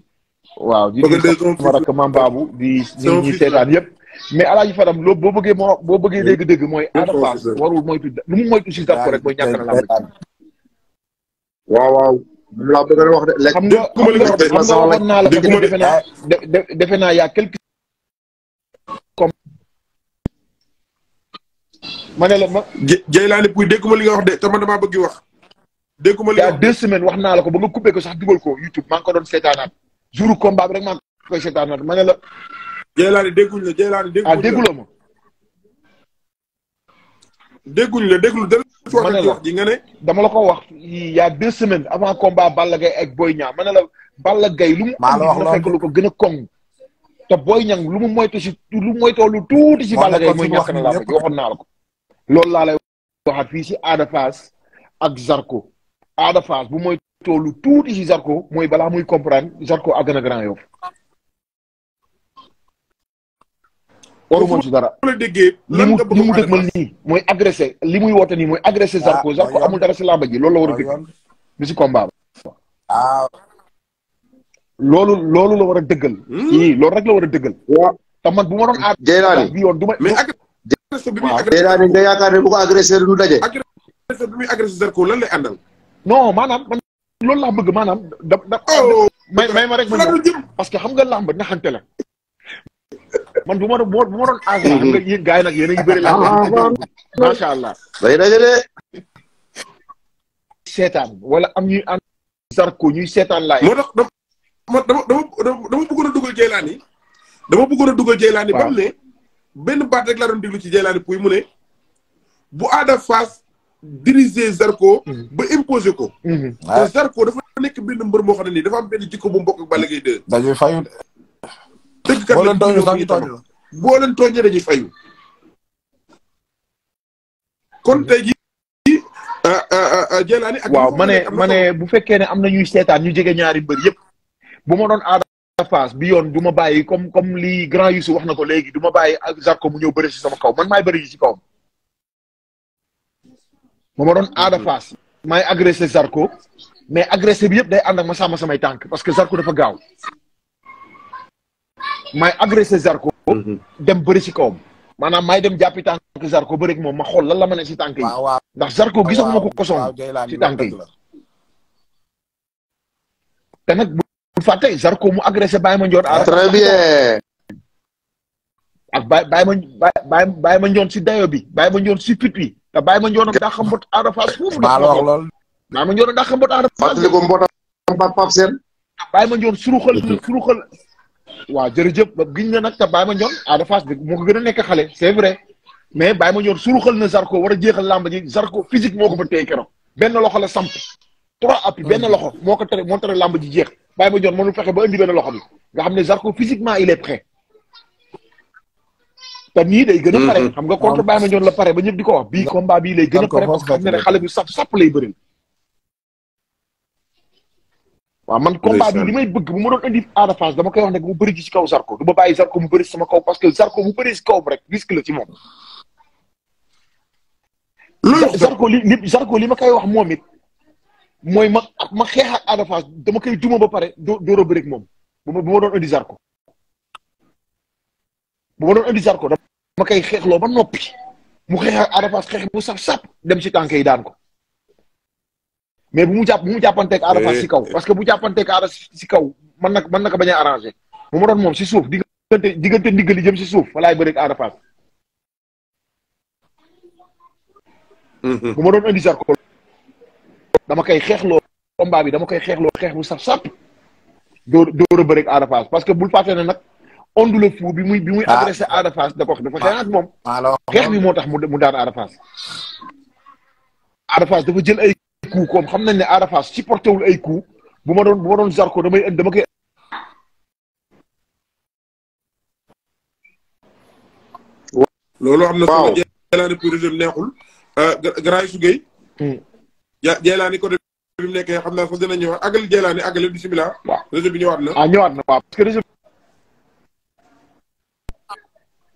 waaw di nuyu sama rakk Mame Babou di ñu ñuy seetaan yépp mais Alaaji Fadam loolu boo bëggee moo boo bëggee dégg-dégg mooy. Ada Fass warul moytu lu mu moytu si dàq rek mooy ñàkk na la waaw waaw. laa bëgg a wax de. xam nga xam nga xam nga war naa la defe naa defe naa y' a quelque. ma la ma. jë Jeylaani Pouy li nga wax de te man damaa bëgg wax. dégguma li nga deux semaines wax la ko ba nga coupé ko sax dugal ko YouTube maa ko doon seetaanaat jour combat rek maa ngi koy la. la ah dégguloo ma. dégguñ la déglu déglu. ma la ji nga ne. dama la ko wax il deux semaines avant combat Balla Gaye ak Boy Niang ma ne la Balla Gaye lu mu. wax fekk lu ko te Boy lu mu moytu si lu mu moytoo lu tuuti si. Balla na la ko. loolu laa lay waxaat fii si Ada Fass ak Zarko bu mooy toolu tuuti si Zarko mooy balaa muy comprendre Zarko àgg na Grand Yoff waru li mu li mu mooy li muy woote nii mooy agressé ah, Zarko Zarko amul dara si loolu la war a dëgg li si combat ba ah. loolu loolu la war a dëggal. Hmm? yii loolu rek la war a dëggal. te man bu ma doon aar. jéem du ma. waaw tey daal nga yaakaar ne bu ko agressé du daje. agressé bi muy agressé Zarko lan lay non maanaam man loolu bëgg maanaam da da. Oh. may ma rek ma ñëw parce que xam nga làmb naxante la. man bu ma doon ma doon aas xam nga yéen gars yi nag yéen a ngi bëri làmb. Ah, macha allah. day daje de. seetaan wala am ñuy ànd Zarko ñuy seetaan laay. dama dama dama dama bëggoon a dama bëggoon a dugal Jeylaani ba ben bat rek la doon diglu ci Jeylaani Pouy mu ne bu Ada face diriger Zarko. Mm-hmm. ba imposer ko. Mm-hmm. te Zarko dafa nek benn mbeur mo xam ni dafa am ben jikko bu mbokk ak Balla Gaye 2. dañuy fayu. tëggkat boo leen tooñu sax ñu tooñu la dañuy fayu. kon mm-hmm. tey jii ah, ah, ah, Jeylaani. ak waaw mané mané bu fekkee am ñuy ñu jégué ñaari mbeur yépp bu ma doon Ada face bi yoon du ma bàyyi comme comme li grand Youssou wax na ko léegi duma bàyyi ak Zarko mu ñëw bëri si sama kaw man maay bëri ci kawam. ma ma doon aada face. maay agressé Zarko mais agressé bi yëpp day ànd ma sàmm samay tànk parce que Zarko dafa gaaw. maay agressé Zarko. Mm-hmm. dem bëri si kawam. maanaam maay dem jàppi tànk Zarko bëri moom ma xool lan la ma ne si tànk yi. ndax Zarko gisuma ko ko sonn si tànk yi. te nag bul fàtte Zarko mu agressé Baye Mandione. ah très bien. ak Baye Baye Baye Baye Mandione si dayo bi Baye Mandione si pit bi bay Baye Mandione daa xam mbot Ada Fass foofu. maa la wax lool Baye Mandione daa xam mbot Ada Fass. fàttali ko mbootam Pape Sène. Baye ba giñ na nag te Baye ma Ada Fass bi moo ko gën a nekk xale c'est vrai mais Baye Mandione suruxal na sarko war a jeexal làmb ji Zarko physique moo ko fa téye keroog benn loxo la samp. trois appuis benn loxo moo ko tere moo tere làmb ji jeex bàyyi ma joon mënu fexe ba indi benn loxo bi nga xam ne Zarko physiquement il est prêt te nii day gën mm-hmm. xam nga contre bàyyi ma la pare ba ñëpp di ko wax bii combat bii lay xale bi sap sàpp lay bëril waaw man combat bi li may bëgg bu ma doon indi dama koy wax nek mu bëri ji ci kaw Zarko du ma bàyyi Zarko mu bëri sama kaw parce que Zarko mu bëri si rek risque la ci moom Zarko li li ma koy wax moom it moy ma ma xex ak Ada dama koy djuma ba pare do do rëbb rek mom bu ma don ma Zarko bu ma doon Zarko dama koy lo ba nopi mu xex ak Ada xex bu sap sap dem ci tànk yi daan ko mais bu mu japp bu mu jappante Ada arafas si kaw eh. parce que bu ak Ada si kaw man nak man nak baña arranger arrangé bu ma doon moom si suuf diggante diggante ndiggali jëm si suuf fa laay bëreeg Ada Fass mhm. bu ma doon Zarko dama koy xeexloo combat bi dama koy xeexloo xeex bu saf-sap doo doo rëbb rek Ada Fass parce que bul fàtte ne nag ondu le bi muy bi muy adressé ah. Ada Fass dafa ah. xeex ak moom ah, xeex bi moo tax mu daan Ada Fass Ada Fass dafa jël ay coup comme xam nañ ne Ada Fass supporté wul ay coup bu ma doon bu ma doon dama koy loolu am na su yaa Jeylaani côté bi mu nekkee xam naa sax dina waaw réseau bi ñëwaat na. ah ñëwaat na waaw parce que réseau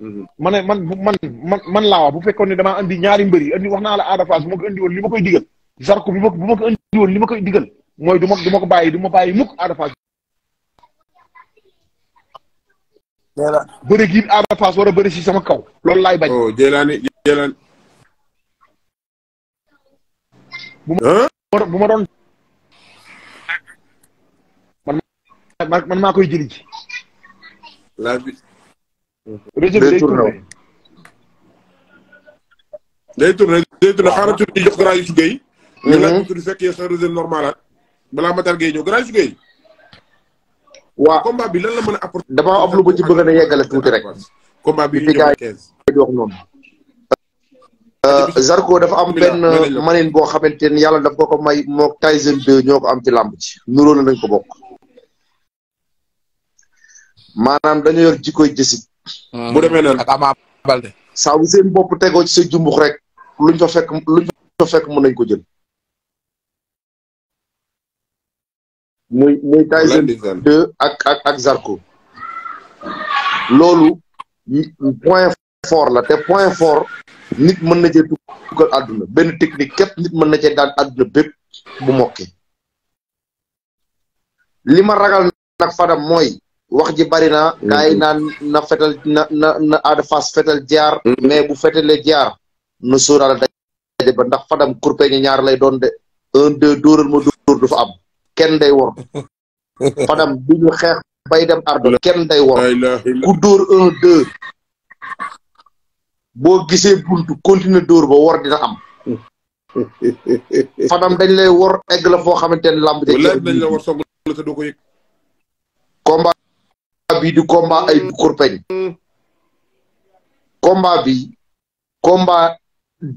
mhm. ma ne man man man man laa wax bu fekkoon ne dama andi ñaari mbër yi andi wax naa la Ada Fass bu ma ko andi li ma koy digal. Zarko bi ma bu ma ko andi li ma koy digal mooy du ma du ma ko bàyyi du ma bàyyi mukk Ada Fass. voilà bëri gi Ada war a bëri si sama kaw loolu laay bañ. oh Jeylaani Jeylaani. bu ma. bu ma man man maa koy jëli la bi. day tourné day tourné day jox Grand ñu sa normal kan? balaa Matar Gueye ñëw Grand Youssou Gueye. waaw combat bi lan la mën apporter. damaa am lu ma ci bëgg rek. combat bi 15. Euh, Zarko dafa am benn manin boo xamante ni yàlla daf ko ko may mook Tyson 2 ñoo ko am ci làmb ci na nañ ko bokk maanaam dañoo yor jikkoy jësit ah, bu demee noonu ak Ama bopp tegoo ci sa jumbux rek luñ fa fekk luñ mën nañ ko jël muy muy Tyson 2 ak ak Zarko loolu point for la te point for nit mën na cee dugal aduna ben technique kep nit mën na ci daan aduna bëpp bu mokkee lima ragal nak fadam moy wax ji bari na mm-hmm. gay yi na fetal na na na Ada Fass fetal jaar mm-hmm. mais bu fetalee jaar na soural dajé ba ndax fadam courpé ñi ñaar lay don dé un deux dóoral ma dóor du fa am kenn day wor fadam bu ñu xex bay dem ardo kenn day wor ku dóor un deux boo gisee buntu continuer dóor ba wor dina am. Fadam dañ lay wor egg la foo xamante ne làmb. walaay dañ la war ko yëg. combat bii du combat ay bukur mm. peñ. Mm. combat bi combat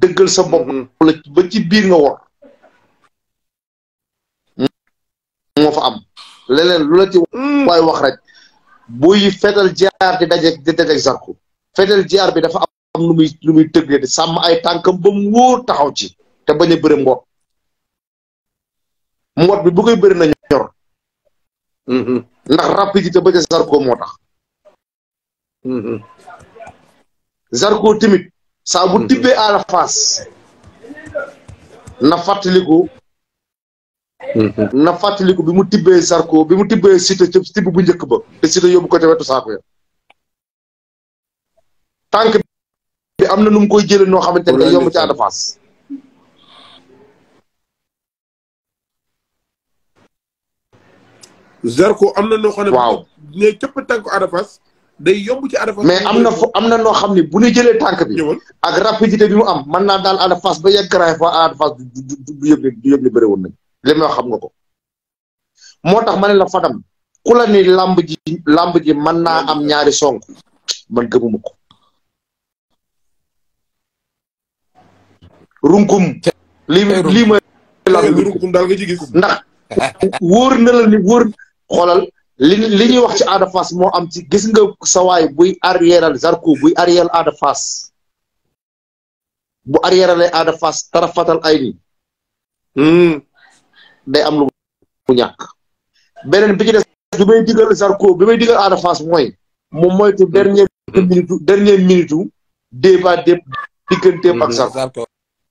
dëggal sa bopp. Mm-hmm. ba ci biir nga wor. Mm. moo fa am leneen lu la ci. waay wax rek buy fetal jaar di da di dajeeg Zarko fetal jaar bi dafa am. am lu muy lu muy tëggee de sam ay tankam ba mu wóor taxaw ci te baña a bëri mboot bi bu koy bëri na ñor mhm. ndax rapidité ba ca Zarko moo tax mhm. Zarko timit sa bu tibé à la face na na fatlikou bi mu tibé Zarko bi mu tibé cité ci tibbu bu ñëk ba yobu ko sa ko ya am na nu mu koy jëlee noo xamante ne yomb ci am na noo xam ne. waaw ne cëpp tànku Ada day yomb ci Ada Fass. mais am na fo am na noo xam ne bu ñu jëlee tànk bi. ak rapidité bi mu am mën naa daal Ada Fass ba yegg fa Ada Fass du du du du yëg du yëg li bëri woon nañ li xam nga ko. moo tax ma ne la Fadam ku ni làmb ji làmb mën naa am ñaari sonk man gëmuma ko. rungkum lii lima eh, eh, la rungkum dal nga ci gis ndax woor na la ni woor xolal li li ñuy wax ci Ada face mo am ci gis nga sa way buy arrière Zarko buy arrière Ada face bu arrière lay Ada face tarafatal ay ni hmm day am lu bu ñak benen bi ci def du may digal Zarko bi may digal Ada Fass mooy mu moytu dernier hmm. minute dernier minute débat dépp digganteem ak hmm. Zarko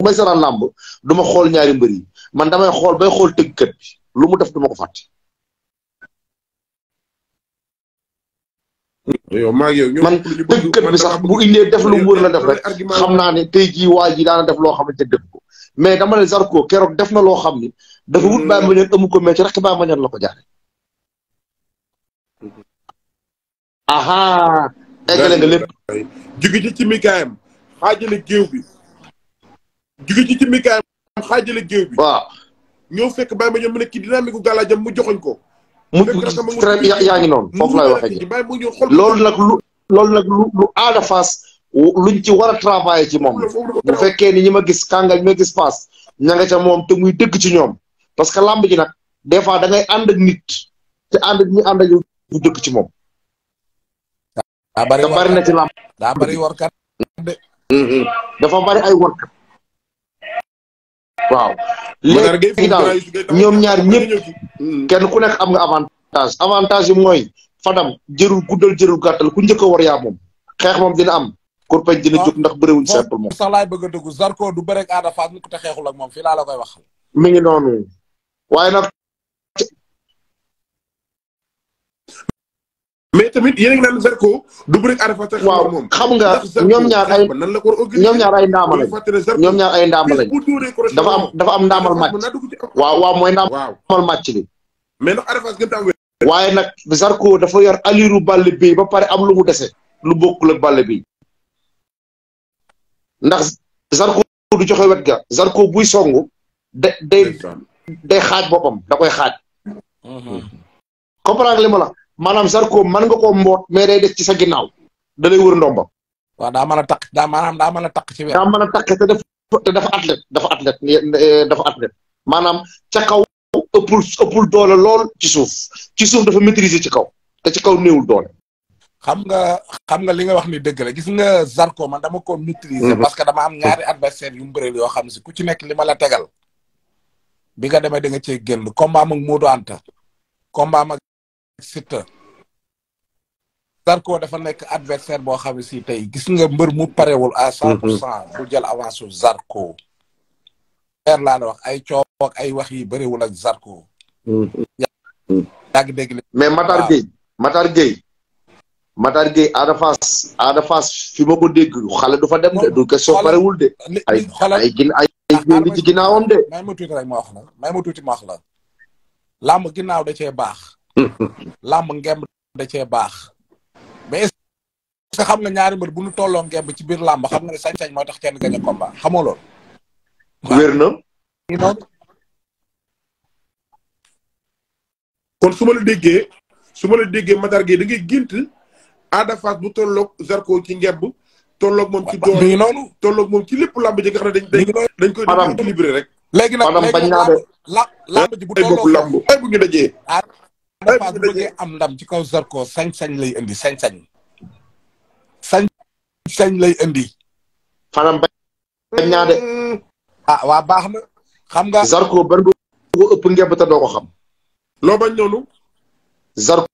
bu may saraan làmb du ma xool ñaari mbër yi man damay xool bay xool tëggkat bi lu mu def du ko fat yow maa ngi yow man tëggkat bi sax bu indee def lu mu wër la def rek xam naa ne tey jii waa ji daana def loo xamante def ko mais dama ne Zarko keroog def na loo xam ni dafa wut bàyyi ma ñoon ko mais ci rek bàyyi ma ñoon la ko jaare aha eggale nga lépp jóge ci ci mi gaayam xaajale bi juge ci am mikaayam xaajale géew bi. wa ñoo fekk bay ma ñoom mu ne kii dynamique gala jam mu joxoñ ko. mu très bien yaa ngi noonu foofu laay lool nak lu loolu nag lu lu luñ ci wara travailler ci mom bu fekke ni ñima gis kànga ñi gis paas ña nga ca mom te muy dëgg ci ñom parce que lamb ji nak des fois da ngay and ak nit te and ak ñu ak ñu dëgg ci mom da bari na ci làmb daa bari warkat de. Mhm. dafa bari ay kat waaw léegi daal ñoom ñaar ñëpp hmm. kenn ku nekk am nga avantage avantage yi mooy Fadam jërul guddal jërul gàttal ku njëkk a war yaa moom xeex moom dina am kurpeñ dina ah. jóg ndax bëriwuñ simple moom sax laay bëgg a dugg Zarko du bëreeg Ada Fass mi ko te xeexul ak moom fii laa koy wax mi ngi noonu waaye nag mais tamit yéen a ngi naan Zarko du bëri ak Arafat ak waaw moom xam nga ñoom ñaar ay ñoom ñaar ay ndaama a ñoom ñaar ay ndaama lañ dafa am dafa am ndaamal màcc waaw waaw mooy ndaamal màcc bi mais nag Arafat waaye nag Zarko dafa yor aliru bàll bi ba pare am lu mu dese lu bokkul ak bàll bi ndax Zarko du joxe wet ga Zarko buy songu day day xaaj boppam dakoy xaaj mhm. comprendre li ma la maanaam Zarko man nga koo mboot mais day des ci sa ginnaaw da lay wër ndombam. waaw daa mën a takk daa maanaam daa mën a takk ci weer. daa mën a takk te dafa te dafa athlète dafa athlète eh, dafa athlète maanaam ca kaw ëppul ëppul doole lool ci suuf ci suuf dafa maîtriser ci kaw te ci kaw néewul doole. xam nga xam nga li nga wax ni dëgg la gis nga Zarko ma dama ko maîtriser. Mhm. parce que dama am ñaari adversaire yu mu bëreel yoo xam si ku ci nekk li ma la tegal. bi nga demee da nga cee génn combat am ak Modou Anta combat Siteu Zarko dafa nekk adversaire boo xam ne si tey gis nga mbër mu parewul à cent pour mhm. cent bu jël avance su Zarko wax ay coow ay wax yi bëriwul ak Zarko mhm. yaa ngi mais Matar ah. Gueye Matar Gueye Matar Gueye Ada Fass Ada Fass fi ma ko xale du fa dem de du question parewul de ay ay gin ay ah, li ci ginnaawam de may ma tuuti rek ma wax la may ma tuuti ma wax la làmb ginnaaw da cee baax làmb ngemb da cee baax mais est ce xam nga ñaari mbër bu ñu tolloo ngemb ci biir làmb xam nga ne sañ-sañ mooy tax kenn gañ a combat xamoo loolu. wér na. kon su ma la déggee su ma la déggee Matar Gueye da ngay gént Ada Fass bu tolloog Zarko ci ngemb. tolloog moom ci doole mi ngi noonu tolloog moom ci lépp làmb ji nga xam ne dañ dañ koy dañ koy libéré rek. léegi nag léegi nag làmb ji bu tolloog làmb bu ñu dajee. am ndam ci kaw sarko sañ-sañ lay indi sañ-sañ. sañ lay indi. fanam bañ naa de. Ah, waa baax na. xam nga Zarko ban nga ko ëpp ngemb te doo xam. loo bañ noonu. Zarko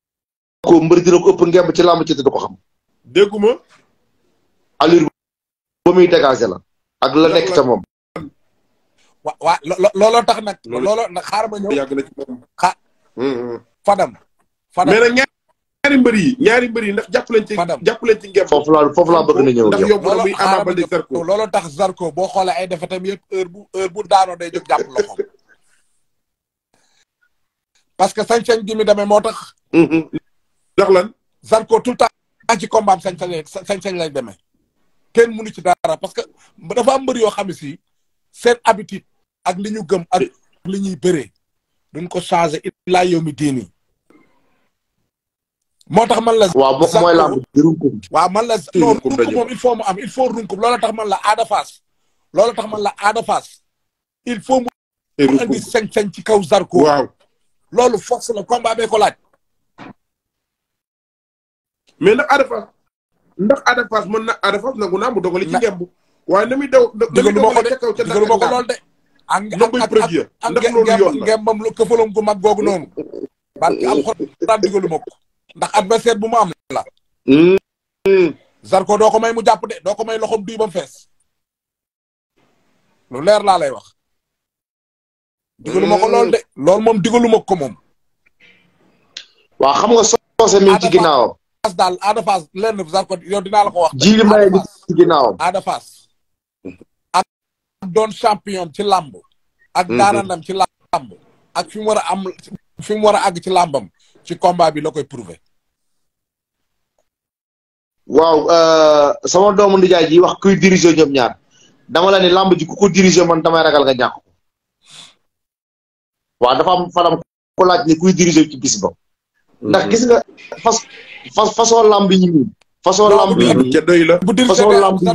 mbër dina ëpp ngemb ci làmb ci te du ko xam. dégguma. allure ba muy dégagé la. ak la nekk te moom. wa waa looloo tax nag. looloo nag xaar ma Fadam. Fadam mais nag ñaari mbër yi ñaari mbër yi ndax jàpp leen ci. Fadam jàpp leen ci ngeen. foofu laa foofu laa bëgg na ñëw ndax yóbbu na muy tax sarko boo xoolee ay defetam yëpp heure bu heure bu daanoo day jóg jàpp loxoom. parce que sañ-sañ gi mi demee moo tax. Mhm. ndax lan. Zarko tout le temps ci combat am sañ-sañ lay sañ-sañ lay demee. kenn mënu ci dara parce que dafa am mbër yoo xam ne si seen habitude ak li ñu gëm ak li ñuy bëree duñ ko changé it laa yow mi diini moo tax man la. waaw moom mooy lamb runkum. waaw man la non runkum moom il faut mu am il faut runkum loola tax man la aada faas. loola tax man la aada il faut mu. andi sañ ci kaw Zarko. waaw loolu force la combat bee ko laaj. mais nag aada ndax aada faas na aada faas nangu naa mu dogali. ci ngemb na muy daw. digalu ma ko de digalu ma ko lool de. ak ak ak ngembam lu këfalum gu mag googu noonu. barke alxuraan digalu ma ko. ndax adversaire bu mu am la. Hmm. Zarko doo ko may mu jàpp de doo ko may loxoom duy ba fees. lu leer laa lay wax. digalu ma ko lool de hmm. loolu moom digalu ma ko moom. waa xam nga soose mi ci ginnaawam. Fass daal Ada Fass lenn Zarko yow dinaa la ko wax. jiili mbay mi ci ginnaawam Ada Fass. ak doon champion ci làmb. ak hmm. daanandam ci làmb. ak fi mu war a am fi mu war a àgg ci làmbam ci combat bi la koy prouver. waaw eh, sama doomu ndijaay ji wax kuy diriger ñoom ñaar dama la ni làmb ji ku ko diriger man damay ragal nga ñàkk ko waaw dafa am fanam ko laaj ni kuy diriger ci bis ba. ndax mhm. gis nga fas fas fas làmb yi ini, fas làmb yi ini, fas làmb yi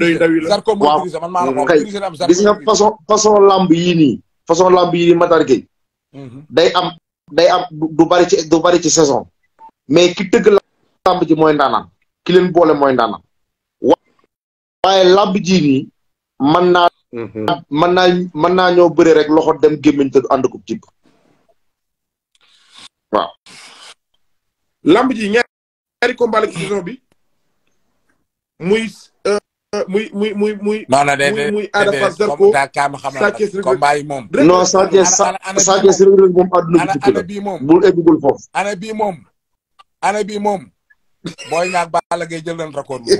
ini, waaw kay gis nga façon fas làmb yi nii fas làmb yi nii Matar Gueye mhm. day am day am du bari ci du bari ci saison mais ki tëgg làmb ji mooy ndaanaan. ki leen boole mooy ndaanaan waaye làmb ji man mhm. mën naa mën naa mën naa rek loxo dem gémmiñ te du ànd ko tibb waaw ji ñaari combat la ci muy euh, muy muy muy muy. non non déedéet muy moom. non Sa Thiès Sa Thiès moom àdduna bi tukki ana bii moom. booy ñaag Balla Gaye jël nañ record bi